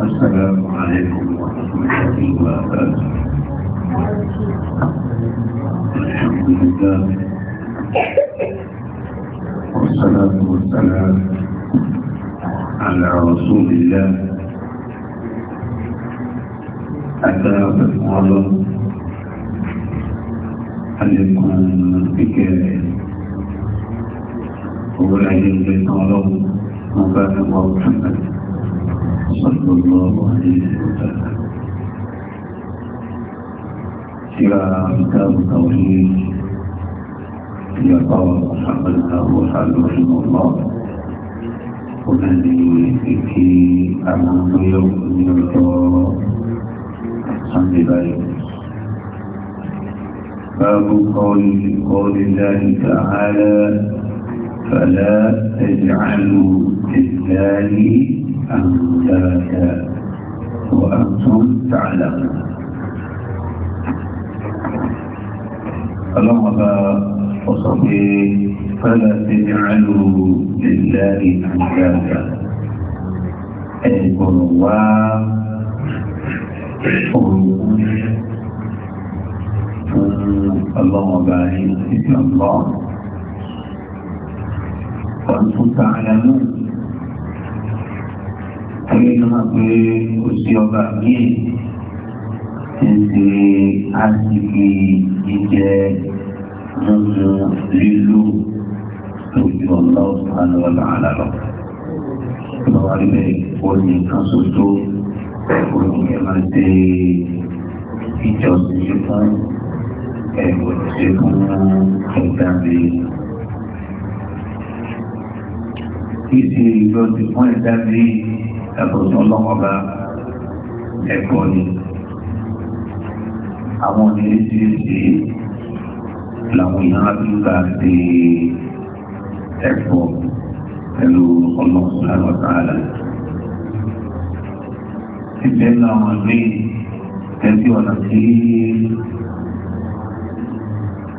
السلام عليكم ورحمة الله وبركاته الحمد لله والصلاة والسلام على رسول الله أتى بالمعلم عليكم بكاية هو العلم بالمعلم مبارك ومحمد صلى الله عليه وسلم سوى كتاب التوحيد يقال محمد أبو سعد رحمه الله وهذه في أمام يوم من الدار صلى الله باب قول قول الله تعالى فلا تجعلوا لله أمثالها وأنتم تعلمون اللهم وصفي فلا تجعلوا لله أندادا اعبدوا الله اللهم بارك في الله وأنتم تعلمون ẹni tó máa pé ó sí ọba bíi ṣíṣe àṣìkì jíjẹ nínú lílo lójú ọ̀nà ọ̀sán ọ̀nà àlàlọ́. Lọ́wọ́ rí bẹ́ẹ̀ ó ní kan ṣoṣo olùyẹ máa ṣe ìjọsìn fún ẹ̀wọ̀n ṣe fún ẹ̀dá mi. Kí ṣe ìjọsìn fún ẹ̀dá mi? yàtọ̀ sí ọlọ́mọba ẹ̀kọ́ ni àwọn oníṣiríṣi làwọn èèyàn á tún ká sí ẹ̀kọ́ pẹ̀lú ọlọ́mọba lọ́tàlá. Ìgbẹ́ náà wọ́n gbé ẹbí ọ̀nà tí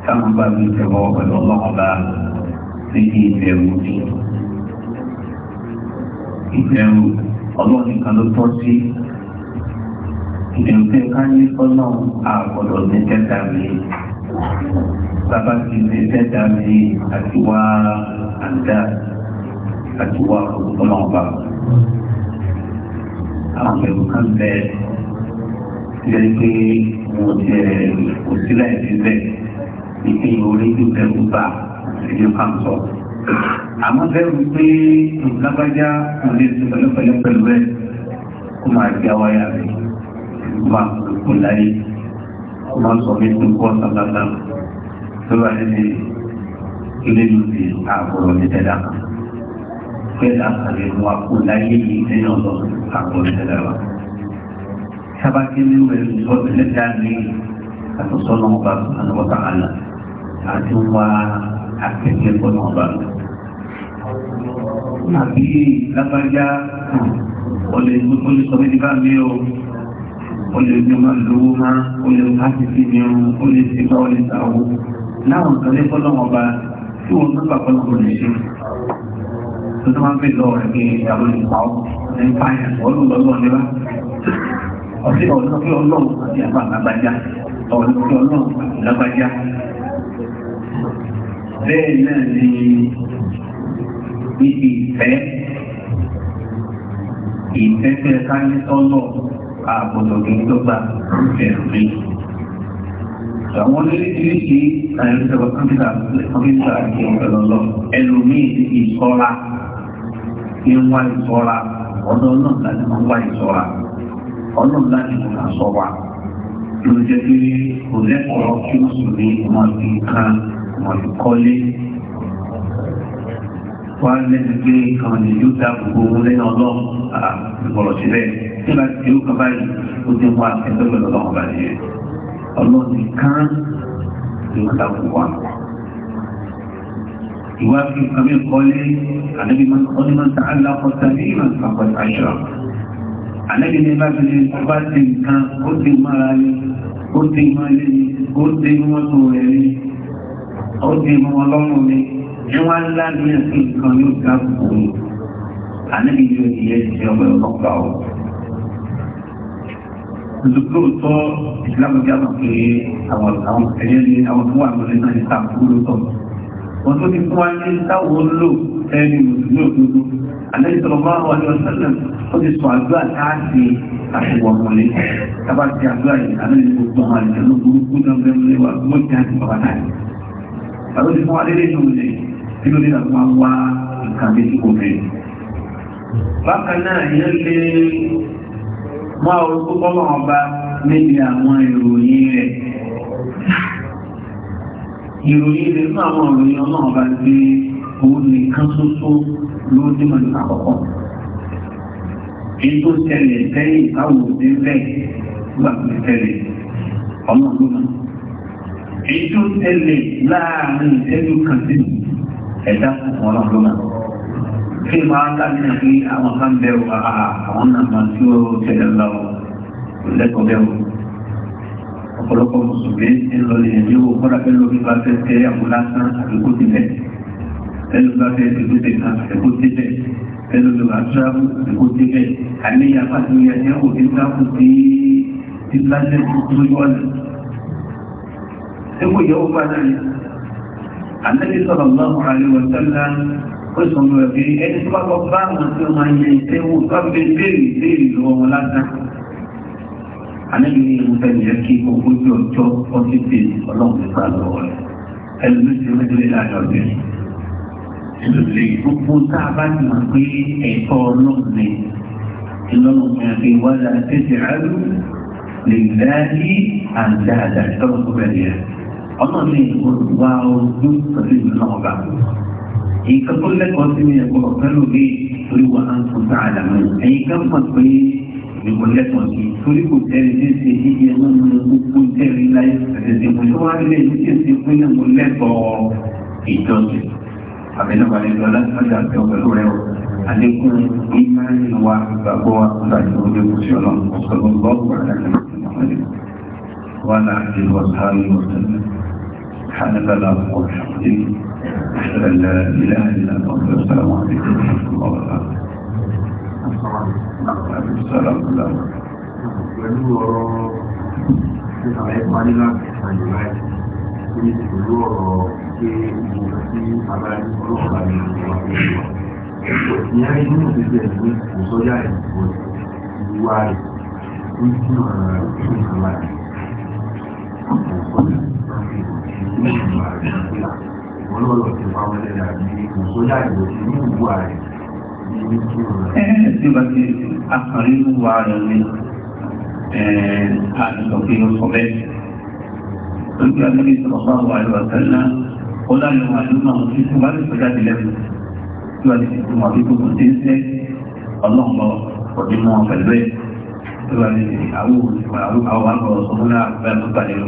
táwọn bá mi tẹ̀wọ́ pẹ̀lú ọlọ́mọba sí ìbẹ̀rù ìbẹ̀rù ọlọ́run nìkan ló tọ́ sí ìdẹ̀ǹfẹ́ ká ní sọ́nà àgbọ̀dọ̀ ní tẹ́tà mi bàbá ti ní tẹ́tà mi àti wá àdá àti wá ọ̀gbọ́n ọba. àwọn ẹ̀rù kan bẹ jẹ́ pé mo jẹ́ òsílẹ̀ ìdílé ìpín orí ju ẹ̀rù bá ìdílé kan sọ àmọ́ bẹ́rù pé ìlágbájá kò lè ṣe pẹ̀lẹ́pẹ̀lẹ́ pẹ̀lú ẹ̀ kó máa gbá wáyà rẹ̀ kó máa kò láyé kó máa sọ mí tó kọ́ sàlátà tó wà níbi ilé ní ti àbọ̀rọ̀ ní tẹ́lá kan pẹ́lá àlè mú àpò láyé yìí lẹ́yìn ọ̀dọ́ àbọ̀rọ̀ tẹ́lá wa. sábàkí nínú ẹ̀rù sọ ẹlẹ́dàá ní àtọ̀sọ́nà ọba àti wọ́n wá akẹ́kẹ́ bọ́nà ọba rẹ̀ àbí lágbájá olè sọ méjì bá mi o olè ní ọmọ lówó máa olè ká ti fi mi o olè ti bá olè ta o láwọn kan ní fọlọ́mọ ọba tí wọn tó gbàgbọ́ lọ́wọ́ lè ṣe tó tó máa ń pè lọ́wọ́ rẹ̀ pé ìyàwó lè pa ọ́ ní fáyà ọlọ́run lọ́wọ́ ní ọtí ọ̀nà pé ọlọ́run àti àbá lágbájá ọ̀nà pé ọlọ́run àti lágbájá bẹ́ẹ̀ náà ni níbi ìfẹ́ ìfẹ́fẹ́ káyítọ́nà àgbọ̀dọ̀ kí n tó gbà fẹ̀rù mi. àwọn oríṣiríṣi àìsàn kọ́mpútà kọ́mpútà àti ìfẹ̀lọ́lọ́ ẹlòmíì ti ìṣọ́ra ní wá ìṣọ́ra ọ̀dọ́ náà láti máa wá ìṣọ́ra ọlọ́run láti mú ká sọ wa ló jẹ́ pé kò lẹ́kọ̀ọ́ kí mùsùlùmí máa fi kan máa fi kọ́lé wọ́n á lẹ́nu pé àwọn ènìyàn yóò dá gbogbo owó lẹ́nu ọlọ́run àgbọ̀rọ̀ sílẹ̀ tí bá ti yóò kaba yìí ó ti wá ẹgbẹ́gbẹ́ lọ́wọ́ bá yẹ ọlọ́run ti kán yóò dá gbogbo wa. ìwà fi kàmí kọ́lé ànábi onímọ̀tà alákọ̀tà ní ìmọ̀tà àkọ́tà àṣà ànábi ní bá fi bá ti nǹkan ó ti mára ní ó ti máa lé ní ó ti mọ́tò rẹ̀ ní ó ti mọ́ ọlọ́run ní níwá ńlá ní ẹ̀sìn nǹkan yóò ká kùkù ànábi yóò di ẹ̀sìn ọmọ ẹ̀rọ ọ̀pá o. lóòótọ́ ìsìlámù jábà pé àwọn àwọn ẹ̀yẹ ní àwọn tó wà lórí náà ní sáà kúrò tọ̀. wọ́n tó ti fún wa ní táwọn olóò ẹni mùsùlùmí òdodo ànábi sọ̀rọ̀ bá wà ní ọ̀sẹ̀lẹ̀ ó ti sọ àdúrà káàkiri àṣewọ̀n wọlé tábà ti àdúrà yìí ànábi gbogbo àwọn àlejò burúkú náà bẹ́ẹ̀ lé wa mọ́tì àti bàbá náà. àlọ́ ti fún wa lé tí ló dínà fún apá ìkàbí tí kò fẹ́. bákan náà yẹn lè máa orúkọ bọ́lá ọba níbi àwọn ìròyìn rẹ̀ ìròyìn rẹ̀ fún àwọn ìròyìn ọlọ́run ọba ti òun nìkan ṣoṣo ló dínà ní àkọ́kọ́ èyí tó ṣẹlẹ̀ sẹ́yìn táwọn òde bẹ́ẹ̀ gbà tó ṣẹlẹ̀ ọmọ ọdún náà èyí tó ṣẹlẹ̀ láàárín ìṣẹ́jú kan sí mi ẹ̀dá wọn náà ló náà ṣé máa ń láti náà pé àwọn kan bẹ̀rù àwọn náà máa tí ó tẹ̀lé lọ lẹ́kọ̀ọ́ bẹ̀rù ọ̀pọ̀lọpọ̀ mùsùlùmí ń lọ lè ní owó kọ́ra pé lórí bá fẹ́ tẹ àwọn lásán àdúgbò tilẹ̀ ẹnu bá fẹ́ ẹ̀kọ́ tẹ̀ kan ẹ̀kọ́ tẹ̀ bẹ̀ ẹnu bá tẹ̀ ẹ̀kọ́ tẹ̀ bẹ̀ àníyàn pàtó yẹn ní òfin káàkó sí ti lásán tó yọ̀ ọ́ àtẹ́lẹ́ sọ̀rọ̀ lọ́wọ́ àríwọ̀ tẹ́lá ó sọ mọ̀ pé ẹni tó bá kọ bá àwọn tí ó máa yẹ iṣẹ́ wò tó bẹ béèrè béèrè lọ́wọ́ wọn lásán àlejò ní ìwọ̀n fẹ́ẹ́ yẹ kí ogójì ọjọ́ ọtí tè ọlọ́run lọ́wọ́ rẹ̀ ẹlòmí ti rí lé láàrin ọ̀dẹ́ gbogbo tá a bá ti mọ̀ pé ẹ̀tọ́ ọlọ́run ọmọ mi olùwà ojú pẹ̀lú ìlú náà bá nǹkan tó lẹ́kọ̀ọ́ sí mi ẹ̀kọ́ pẹ̀lú bí olùwà á ń tún sáà dàmú ẹ̀yìn kan mọ̀ pé ìwọ lẹ́kọ̀ọ́ sí torí kò tẹ́lẹ̀ ní ṣe iye ẹ̀mọ́ mi gbogbo tẹ́lẹ̀ láyé ẹ̀sẹ̀ mo tó wá lé ní ṣe ṣe pé mo lẹ́kọ̀ọ́ ìjọsìn àbẹ̀lẹ́wà lẹ́kọ̀ọ́ láti ọjà àti ọ̀pẹ̀lú wa gbàgbọ́ wa kúrò سبحان الله لا قوة إلا بالله لا إله إلا الله السلام عليكم ورحمة الله وبركاته السلام عليكم ورحمة الله وبركاته. ní ìgbà rẹ̀ nígbà wọn lọ́lọ́ ti fa wọn lẹ́yìn àbí ìkòsóyà ìwò sí ní ìwà rẹ̀ ní ní kí wọn rẹ̀. ẹ ẹ ti bá ti akọrin ìwà rẹ̀ ni àtúntò kí ló sọ bẹ́ẹ̀. lójú àtúntò sọ̀rọ̀ bá wà lọ́wọ́ sẹ́lá ó láyọ̀ wà nínú àwọn tí wọ́n bá lè sọ jáde lẹ́nu tí wọ́n ti fi fún wọn bí gbogbo ti ń sẹ́ ọlọ́run lọ ọdún mọ́ pẹ̀lú ẹ̀ tí wọ́n ti àwọn àwọn àgbọ̀ ọ̀sán fúnra àgbẹ̀ àtúntà nínú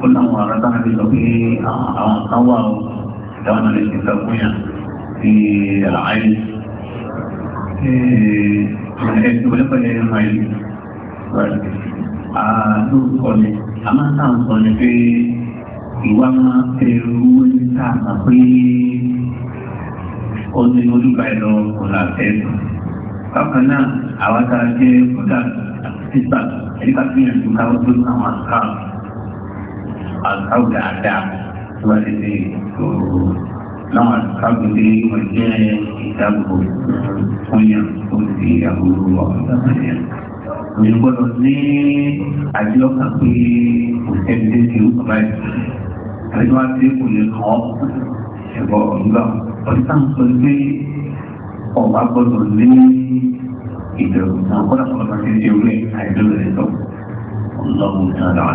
ó láwọn ará táwọn ti sọ pé àwọn kan wà ó ìdáwọn náà lè ṣe sọ fún yàn sí àlàáyé ẹ̀ẹ́dùn olóòpẹ̀lẹ̀ ẹ̀rọ ìlú àlóòkọ ni a máa ń sọ ni pé ìwà máa ń tẹ̀rù owó ní tààtà pé ó ní olúkà ẹ̀rọ ọ̀là tẹ̀sán bákan náà àwọn tá a jẹ́ kódà títà ẹ̀ríkà fìyàn tó káwọ́ tó ní àwọn àkáàtì àgbáwò dáadáa tó bá ti ṣe òòrùn láwọn àgbàgbé wọn jẹ́ ìdáàbòbò fún yàn tó ti àbúrò ọ̀dọ́mọdé. Mi gbọ́dọ̀ ní àjọ kan pé kò sẹ́ni tí ó bá yìí. Àjọ wa ti kò lè kọ́ ẹ̀bọ̀ ọ̀gbà. Ọ̀sán sọ ọba gbọ́dọ̀ ní ìbẹ̀rù náà kọ́dà ti ṣe orí àìdúró rẹ̀ lọ. Ọlọ́run ti àdáwọ̀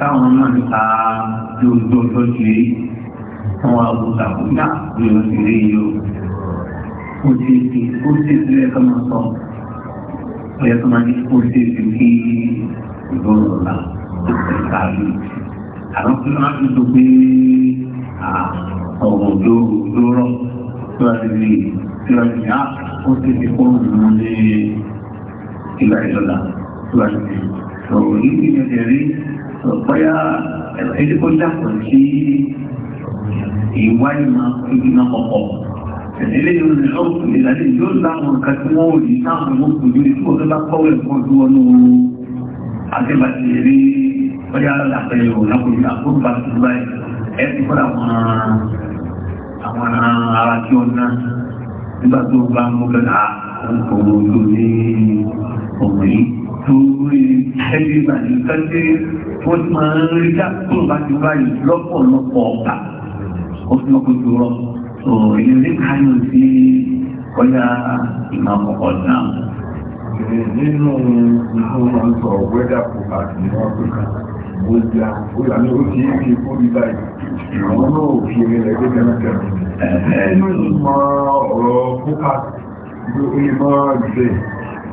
táwọn náà nípa bí ojú ọjọ́ ti rí àwọn àgùntà kò yá bí o ti rí yìí o ó ṣe ti ó ṣe ti lẹ́ẹ̀kan máa sọ ó yẹ kó máa ní ó ṣe ti kí ìgbọ́n ọ̀la ó ti ká lù àwọn kí wọ́n á tún tó pé ọ̀rọ̀ ló ló rọ̀ tí ti rí tí wọ́n ti yá ó ṣe kó òun ní ìgbà ìlọ́la tí wọ́n ti rí. sọ̀rọ̀ yìí ti yẹ bóyá ẹni tó dàpọ̀ sí ìwá ìmọ̀ ìgbìmọ̀ ọ̀pọ̀ ẹ̀lẹ́ yóò ní ọ̀pọ̀ ìlàlẹ́ yóò láwọn nǹkan tí wọ́n ò ní sáwọn ọmọ òjò tí wọ́n tó bá kọ́wé ẹ̀kọ́ tó wọnú àtẹ́bàtì rí bóyá àpẹẹrẹ òun lápòjú àkóńbà tó báyìí ẹ ti fọ́ra àwọn ara tí wọ́n ná nígbà tó bá ń mú bẹ́ẹ̀ torí ẹbí ìbàdí kẹ́lẹ́ wọ́n ti máa ń rí dákúrò bá ti báyìí lọ́pọ̀lọpọ̀ ọ̀pá ó fi ọkọ̀ tó rọ ìyẹn ní káyọ̀ sí ọjà ìmọ̀ ọ̀pọ̀ náà. nínú ìfowópamọ́ sọ wẹ́dà kópa ní áfíríkà ó ti àkóyà ní ó ti ń fi kó bí báyìí àwọn náà ò fi ẹgbẹ́ ẹgbẹ́ gánà kẹrin. nínú ìmọ̀ ọ̀rọ̀ kópa ó yẹ mọ́ ìgbẹ́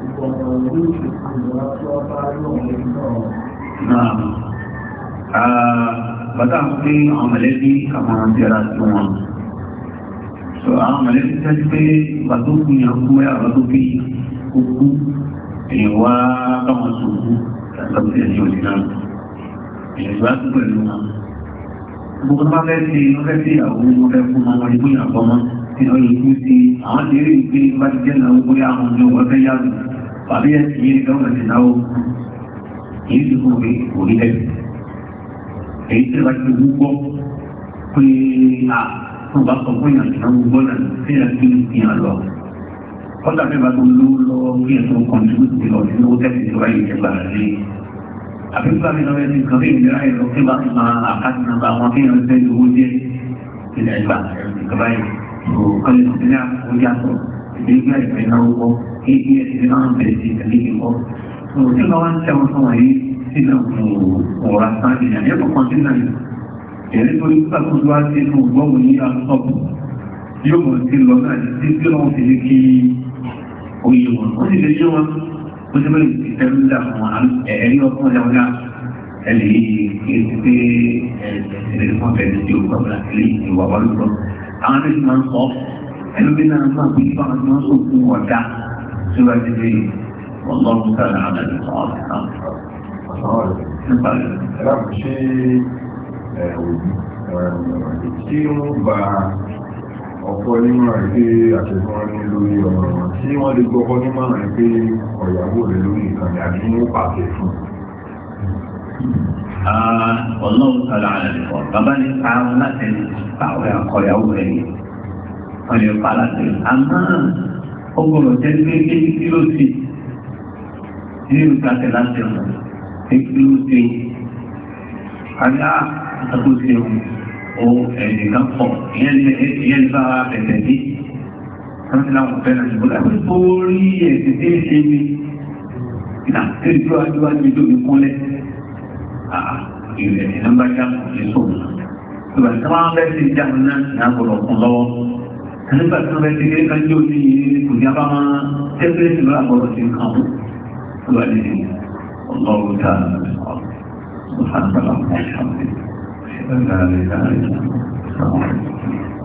Ah, bàtà ń pé àwọn mẹ̀lẹ́bí àwọn àjẹ́ra tí wọn. So àwọn mẹ̀lẹ́bí tẹ́jú pé bàtó kú yàn kú mẹ́ra bàtó bí kúkú èyàn wá báwọn sòkú tàbí ẹ̀yìn òní náà. Èyàn ìgbà tó pẹ̀lú wọn. Gbogbo tó bá fẹ́ sí inú fẹ́ sí ìyàwó wọn fẹ́ fún ọmọ ìgbóyàwó ọmọ tí wọ́n yìí Fabia tiene que haber ganado ese joven o líder. Èyí tí wàá ti wúgbọ́ pé a tó bá sọ fún ìyàtọ̀ náà wúgbọ́ náà sí ẹ̀ kí n fi hàn lọ. Kọ́dà fẹ́ bá tó ló lọ kí ẹ̀ tó kọ̀ǹtínú ti lọ sí owó tẹ́sí ìjọba yìí ti gbà sí. Àbíkú àmì lọ́wọ́ ẹni kan bí ìlera ẹ̀ lọ kí bá ti máa àkáàtì náà ìgbéga ìgbéga ọkọ ibi ẹsẹ máa ń bẹ̀rẹ̀ sí ìtàlẹ́yìn kọ́. Òun tí wọ́n wá ń tẹ wọn fún wa yìí sínú ọ̀rọ̀ àtàkì ní àyẹ̀kọ́ kan sí náà. Ẹ̀rí tó ní pàtó wá sí inú gbọ́wọ́ ní asọ́pù yóò mọ̀ sí lọ náà sí sí wọn fi lè kí oyè wọn. Wọ́n sì lè yé wọn ó ti bẹ́ẹ̀ ìfẹ́ ń dà wọn ẹ̀rí ọkọ̀ ọ̀dà ẹlẹ́ yìí pé ẹ̀ẹ́dẹ̀ẹ́dẹ̀ fún ọ̀bẹ̀rẹ̀ tí ó kọ́ ẹlòmí náà máa fi bá wọn máa sọ fún wọn dá síwájú pé ọlọ́run sára àdàlù ọ̀rọ̀ náà. Ẹlọ́pàá ṣe òbí tí ó bá ọ̀pọ̀ onímọ̀ rẹ̀ pé àtẹ̀sán ní lórí ọ̀rọ̀ wọn tí wọ́n lè gbọ́kọ́ nímọ̀ rẹ̀ pé ọ̀yàwó rẹ̀ lórí ìkànnì àti ní pàṣẹ fún. Ah, ọlọ́run sọ̀rọ̀ àlẹ́ bàbá ní ká láti pàwẹ́ àkọyàwó rẹ̀ yìí wọn yóò fara sí i àmọ́ ọgbọ́dọ̀ jẹ́ pé kí kí ló ṣe ilé ìgbàsẹ̀ láti ọ̀nà kí kí ló ṣe àyà àtàkùnṣe ohun ẹ̀ẹ́dẹ̀kan pọ̀ ìyẹn ní bá wa bẹ̀rẹ̀ sí wọ́n ti láwọn fẹ́ràn ìbúlá pé ó rí ẹ̀sìn tí ń ṣe mi ìdá tí ó adúwájú tó fi kúnlẹ̀ ìrẹ̀lẹ̀ nọ́mbà jáàmù ní sóòmù tí wọ́n fẹ́ sí jáàmù náà ní àgbọ̀dọ̀ fún lọ́wọ́ nígbà tí wọ́n ti kéré kan ní kò ní apá máa tẹ́lẹ̀ sí lọ́la bọ́ọ̀lù sí nǹkan mú lọ́wọ́ ní ní ọlọ́run tá a lọ́wọ́ sọ́kàn